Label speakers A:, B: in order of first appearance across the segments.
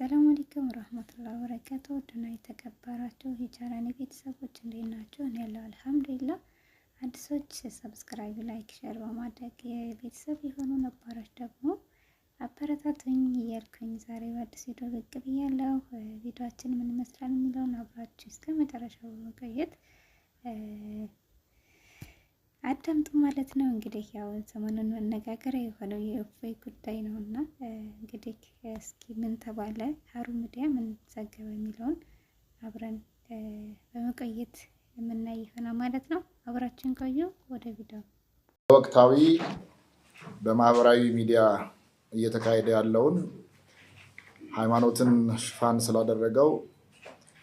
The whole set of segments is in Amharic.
A: ሰላም አለይኩም ወራህመቱላሂ ወበረካቱ ድና የተከበራችሁ የቻናሌ ቤተሰቦች እንዴት ናችሁ? እኔ ያለው አልሐምዱሊላህ። አዲሶች ሰብስክራይብ፣ ላይክ፣ ሼር በማድረግ የቤተሰብ የሆኑ ነባሮች ደግሞ አበረታቱኝ እያልኩኝ ዛሬ በአዲስ ቪዲዮ ብቅ ብያለሁ። ቪዲዮአችን ምን ይመስላል የሚለውን አብራችሁ እስከ መጨረሻው መቆየት አዳምጡ ማለት ነው። እንግዲህ ያው ሰሞኑን መነጋገሪያ የሆነው የእፎይ ጉዳይ ነው እና እንግዲህ እስኪ ምን ተባለ፣ ሀሩ ሚዲያ ምን ዘገበ የሚለውን አብረን በመቆየት የምናይ ይሆናል ማለት ነው። አብራችን ቆዩ። ወደ ቪዲዮ
B: ወቅታዊ በማህበራዊ ሚዲያ እየተካሄደ ያለውን ሃይማኖትን ሽፋን ስላደረገው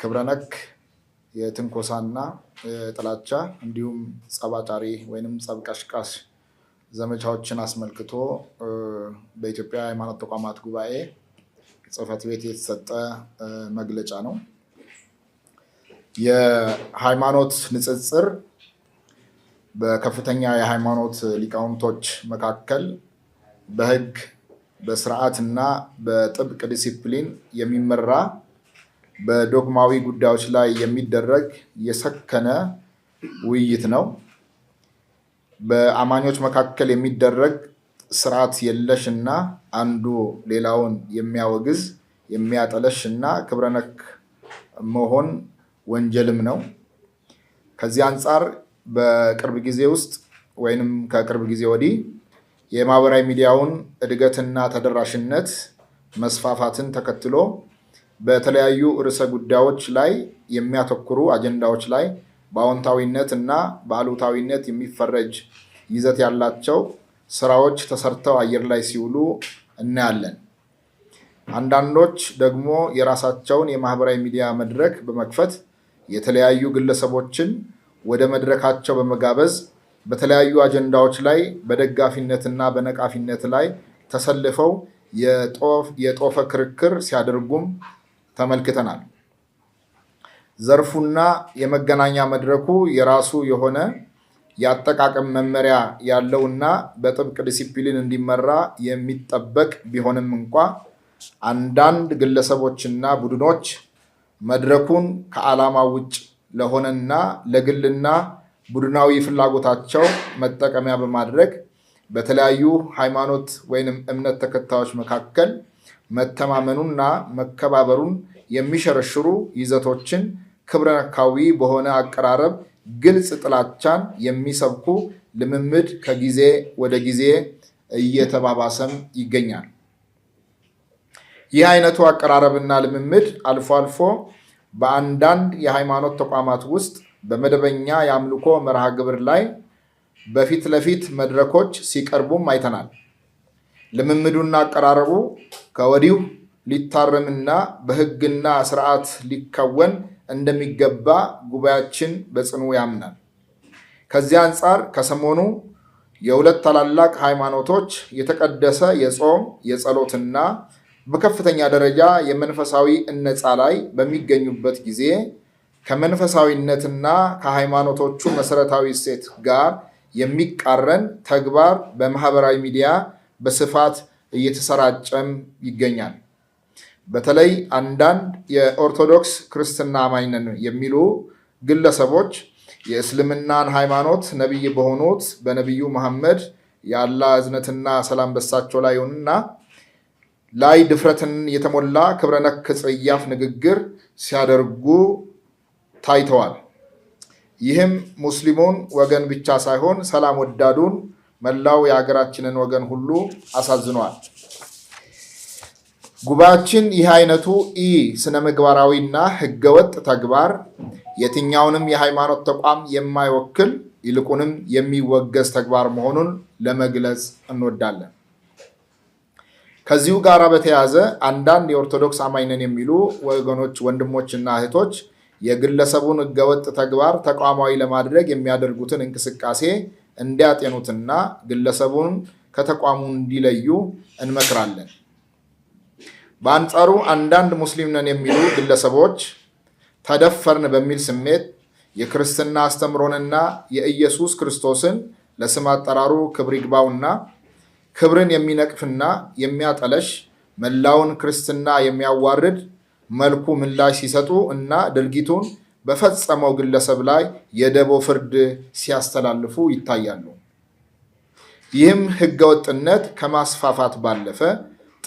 B: ክብረ ነክ የትንኮሳና ጥላቻ እንዲሁም ጸባጫሪ ወይም ጸብቀሽቃሽ ዘመቻዎችን አስመልክቶ በኢትዮጵያ ሃይማኖት ተቋማት ጉባኤ ጽህፈት ቤት የተሰጠ መግለጫ ነው። የሃይማኖት ንጽጽር በከፍተኛ የሃይማኖት ሊቃውንቶች መካከል በስርዓት እና በጥብቅ ዲሲፕሊን የሚመራ በዶግማዊ ጉዳዮች ላይ የሚደረግ የሰከነ ውይይት ነው። በአማኞች መካከል የሚደረግ ስርዓት የለሽ እና አንዱ ሌላውን የሚያወግዝ የሚያጠለሽ እና ክብረነክ መሆን ወንጀልም ነው። ከዚህ አንጻር በቅርብ ጊዜ ውስጥ ወይንም ከቅርብ ጊዜ ወዲህ የማህበራዊ ሚዲያውን እድገትና ተደራሽነት መስፋፋትን ተከትሎ በተለያዩ ርዕሰ ጉዳዮች ላይ የሚያተኩሩ አጀንዳዎች ላይ በአዎንታዊነት እና በአሉታዊነት የሚፈረጅ ይዘት ያላቸው ስራዎች ተሰርተው አየር ላይ ሲውሉ እናያለን። አንዳንዶች ደግሞ የራሳቸውን የማህበራዊ ሚዲያ መድረክ በመክፈት የተለያዩ ግለሰቦችን ወደ መድረካቸው በመጋበዝ በተለያዩ አጀንዳዎች ላይ በደጋፊነትና በነቃፊነት ላይ ተሰልፈው የጦፈ ክርክር ሲያደርጉም ተመልክተናል። ዘርፉና የመገናኛ መድረኩ የራሱ የሆነ የአጠቃቀም መመሪያ ያለውና በጥብቅ ዲሲፕሊን እንዲመራ የሚጠበቅ ቢሆንም እንኳ አንዳንድ ግለሰቦችና ቡድኖች መድረኩን ከዓላማ ውጭ ለሆነና ለግልና ቡድናዊ ፍላጎታቸው መጠቀሚያ በማድረግ በተለያዩ ሃይማኖት ወይንም እምነት ተከታዮች መካከል መተማመኑና መከባበሩን የሚሸረሽሩ ይዘቶችን ክብረነካዊ በሆነ አቀራረብ ግልጽ ጥላቻን የሚሰብኩ ልምምድ ከጊዜ ወደ ጊዜ እየተባባሰም ይገኛል። ይህ አይነቱ አቀራረብና ልምምድ አልፎ አልፎ በአንዳንድ የሃይማኖት ተቋማት ውስጥ በመደበኛ የአምልኮ መርሃ ግብር ላይ በፊት ለፊት መድረኮች ሲቀርቡም አይተናል። ልምምዱና አቀራረቡ ከወዲሁ ሊታረምና በህግና ስርዓት ሊከወን እንደሚገባ ጉባኤያችን በጽኑ ያምናል። ከዚህ አንጻር ከሰሞኑ የሁለት ታላላቅ ሃይማኖቶች የተቀደሰ የጾም የጸሎትና በከፍተኛ ደረጃ የመንፈሳዊ እነፃ ላይ በሚገኙበት ጊዜ ከመንፈሳዊነትና ከሃይማኖቶቹ መሰረታዊ እሴት ጋር የሚቃረን ተግባር በማህበራዊ ሚዲያ በስፋት እየተሰራጨም ይገኛል። በተለይ አንዳንድ የኦርቶዶክስ ክርስትና አማኝ ነን የሚሉ ግለሰቦች የእስልምናን ሃይማኖት ነቢይ በሆኑት በነቢዩ መሐመድ የአላ እዝነትና ሰላም በሳቸው ላይ ይሁንና ላይ ድፍረትን የተሞላ ክብረነክ ጽያፍ ንግግር ሲያደርጉ ታይተዋል። ይህም ሙስሊሙን ወገን ብቻ ሳይሆን ሰላም ወዳዱን መላው የሀገራችንን ወገን ሁሉ አሳዝኗል። ጉባኤያችን ይህ አይነቱ ኢ ስነ ምግባራዊና ህገወጥ ተግባር የትኛውንም የሃይማኖት ተቋም የማይወክል ይልቁንም የሚወገዝ ተግባር መሆኑን ለመግለጽ እንወዳለን። ከዚሁ ጋር በተያያዘ አንዳንድ የኦርቶዶክስ አማኝ ነን የሚሉ ወገኖች፣ ወንድሞችና እህቶች የግለሰቡን ህገወጥ ተግባር ተቋማዊ ለማድረግ የሚያደርጉትን እንቅስቃሴ እንዲያጤኑትና ግለሰቡን ከተቋሙ እንዲለዩ እንመክራለን። በአንጻሩ አንዳንድ ሙስሊም ነን የሚሉ ግለሰቦች ተደፈርን በሚል ስሜት የክርስትና አስተምሮንና የኢየሱስ ክርስቶስን ለስም አጠራሩ ክብር ይግባውና ክብርን የሚነቅፍና የሚያጠለሽ መላውን ክርስትና የሚያዋርድ መልኩ ምላሽ ሲሰጡ እና ድርጊቱን በፈጸመው ግለሰብ ላይ የደቦ ፍርድ ሲያስተላልፉ ይታያሉ። ይህም ህገወጥነት ከማስፋፋት ባለፈ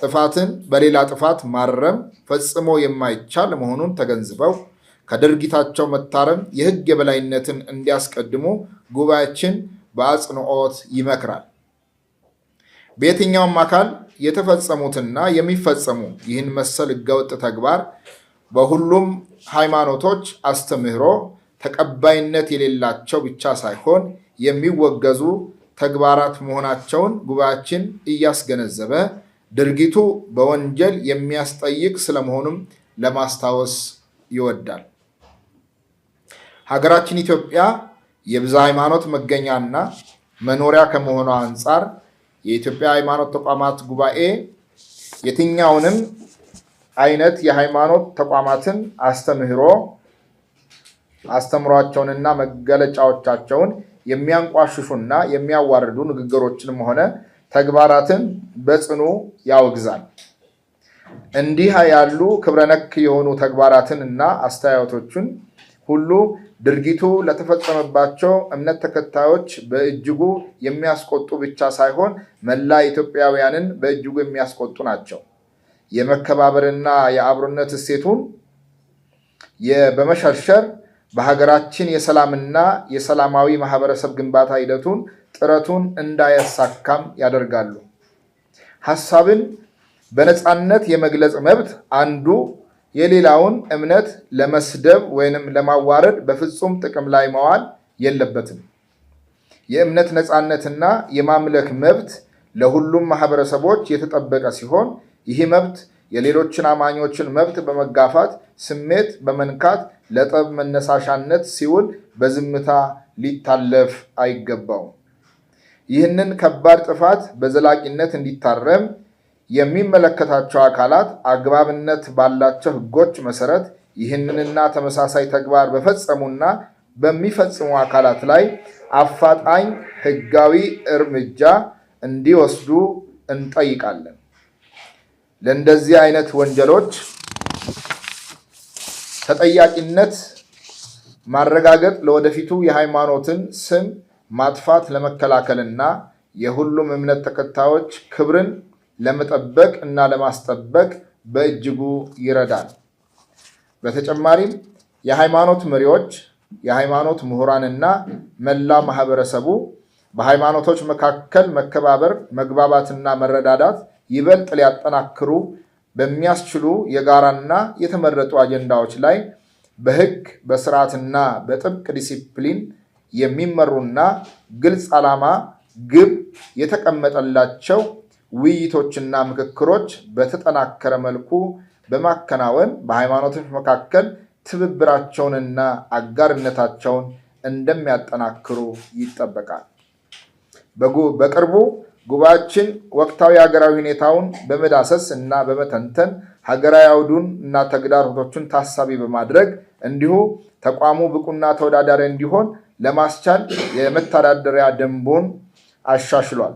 B: ጥፋትን በሌላ ጥፋት ማረም ፈጽሞ የማይቻል መሆኑን ተገንዝበው ከድርጊታቸው መታረም የህግ የበላይነትን እንዲያስቀድሙ ጉባኤያችን በአጽንኦት ይመክራል። በየትኛውም አካል የተፈጸሙትና የሚፈጸሙ ይህን መሰል ህገወጥ ተግባር በሁሉም ሃይማኖቶች አስተምህሮ ተቀባይነት የሌላቸው ብቻ ሳይሆን የሚወገዙ ተግባራት መሆናቸውን ጉባኤያችን እያስገነዘበ ድርጊቱ በወንጀል የሚያስጠይቅ ስለመሆኑም ለማስታወስ ይወዳል። ሀገራችን ኢትዮጵያ የብዛ ሃይማኖት መገኛና መኖሪያ ከመሆኗ አንጻር የኢትዮጵያ ሃይማኖት ተቋማት ጉባኤ የትኛውንም አይነት የሃይማኖት ተቋማትን አስተምህሮ አስተምሯቸውንና መገለጫዎቻቸውን የሚያንቋሽሹና የሚያዋርዱ ንግግሮችንም ሆነ ተግባራትን በጽኑ ያወግዛል። እንዲህ ያሉ ክብረነክ የሆኑ ተግባራትን እና አስተያየቶችን ሁሉ ድርጊቱ ለተፈጸመባቸው እምነት ተከታዮች በእጅጉ የሚያስቆጡ ብቻ ሳይሆን መላ ኢትዮጵያውያንን በእጅጉ የሚያስቆጡ ናቸው። የመከባበርና የአብሮነት እሴቱን በመሸርሸር በሀገራችን የሰላምና የሰላማዊ ማህበረሰብ ግንባታ ሂደቱን ጥረቱን እንዳያሳካም ያደርጋሉ። ሀሳብን በነፃነት የመግለጽ መብት አንዱ የሌላውን እምነት ለመስደብ ወይንም ለማዋረድ በፍጹም ጥቅም ላይ መዋል የለበትም። የእምነት ነፃነትና የማምለክ መብት ለሁሉም ማህበረሰቦች የተጠበቀ ሲሆን ይህ መብት የሌሎችን አማኞችን መብት በመጋፋት ስሜት በመንካት ለጠብ መነሳሻነት ሲውል በዝምታ ሊታለፍ አይገባውም። ይህንን ከባድ ጥፋት በዘላቂነት እንዲታረም የሚመለከታቸው አካላት አግባብነት ባላቸው ሕጎች መሰረት ይህንንና ተመሳሳይ ተግባር በፈጸሙና በሚፈጽሙ አካላት ላይ አፋጣኝ ሕጋዊ እርምጃ እንዲወስዱ እንጠይቃለን። ለእንደዚህ አይነት ወንጀሎች ተጠያቂነት ማረጋገጥ ለወደፊቱ የሃይማኖትን ስም ማጥፋት ለመከላከልና የሁሉም እምነት ተከታዮች ክብርን ለመጠበቅ እና ለማስጠበቅ በእጅጉ ይረዳል። በተጨማሪም የሃይማኖት መሪዎች፣ የሃይማኖት ምሁራንና መላ ማህበረሰቡ በሃይማኖቶች መካከል መከባበር፣ መግባባትና መረዳዳት ይበልጥ ሊያጠናክሩ በሚያስችሉ የጋራና የተመረጡ አጀንዳዎች ላይ በህግ በስርዓትና በጥብቅ ዲሲፕሊን የሚመሩና ግልጽ ዓላማ፣ ግብ የተቀመጠላቸው ውይይቶችና ምክክሮች በተጠናከረ መልኩ በማከናወን በሃይማኖቶች መካከል ትብብራቸውንና አጋርነታቸውን እንደሚያጠናክሩ ይጠበቃል። በቅርቡ ጉባኤያችን ወቅታዊ ሀገራዊ ሁኔታውን በመዳሰስ እና በመተንተን ሀገራዊ አውዱን እና ተግዳሮቶቹን ታሳቢ በማድረግ እንዲሁ ተቋሙ ብቁና ተወዳዳሪ እንዲሆን ለማስቻል የመተዳደሪያ ደንቡን አሻሽሏል።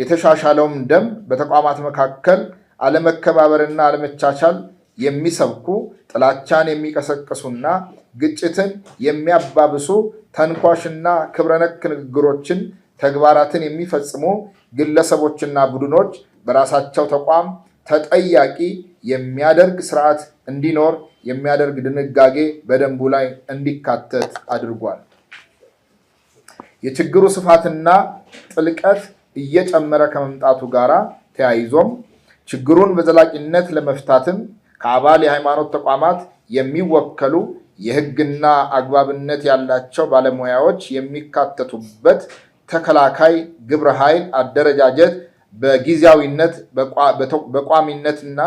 B: የተሻሻለውም ደንብ በተቋማት መካከል አለመከባበርና አለመቻቻል የሚሰብኩ ጥላቻን የሚቀሰቅሱና ግጭትን የሚያባብሱ ተንኳሽና ክብረነክ ንግግሮችን ተግባራትን የሚፈጽሙ ግለሰቦችና ቡድኖች በራሳቸው ተቋም ተጠያቂ የሚያደርግ ስርዓት እንዲኖር የሚያደርግ ድንጋጌ በደንቡ ላይ እንዲካተት አድርጓል። የችግሩ ስፋትና ጥልቀት እየጨመረ ከመምጣቱ ጋር ተያይዞም ችግሩን በዘላቂነት ለመፍታትም ከአባል የሃይማኖት ተቋማት የሚወከሉ የሕግና አግባብነት ያላቸው ባለሙያዎች የሚካተቱበት ተከላካይ ግብረ ኃይል አደረጃጀት በጊዜያዊነት በቋሚነትና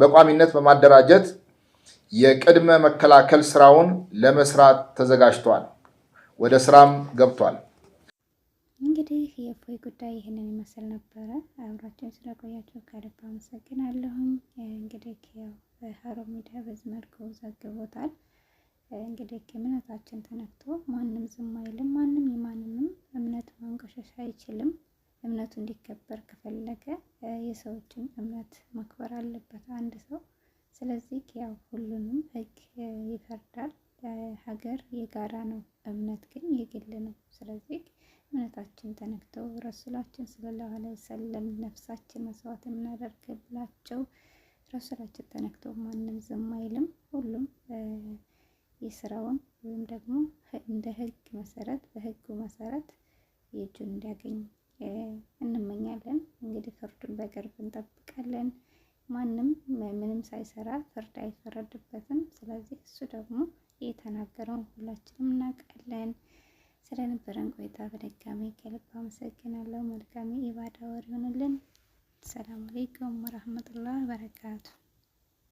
B: በቋሚነት በማደራጀት የቅድመ መከላከል ስራውን ለመስራት ተዘጋጅቷል። ወደ ስራም ገብቷል።
A: እንግዲህ የእፎይ ጉዳይ ይህንን ይመስል ነበረ። አብራችን ስለቆያቸው ከልብ አመሰግናለሁም። እንግዲህ ያው ሀሩን ሚዲያ በዚህ መልኩ ዘግቦታል። እንግዲህ እምነታችን ተነክቶ ማንም ዝም አይልም። ማንም የማንንም እምነት ማንቆሸሽ አይችልም። እምነቱ እንዲከበር ከፈለገ የሰዎችን እምነት ማክበር አለበት አንድ ሰው። ስለዚህ ያው ሁሉንም ህግ ይፈርዳል። ሀገር የጋራ ነው፣ እምነት ግን የግል ነው። ስለዚህ እምነታችን ተነክቶ ረሱላችን ሰለላሁ ዐለይሂ ወሰለም ነፍሳችን መስዋዕት የምናደርግላቸው ረሱላችን ተነክቶ ማንም ዝም አይልም ሁሉም የስራውን ወይም ደግሞ እንደ ህግ መሰረት በህጉ መሰረት የእጁን እንዲያገኝ እንመኛለን። እንግዲህ ፍርዱን በቅርብ እንጠብቃለን። ማንም ምንም ሳይሰራ ፍርድ አይፈረድበትም። ስለዚህ እሱ ደግሞ የተናገረው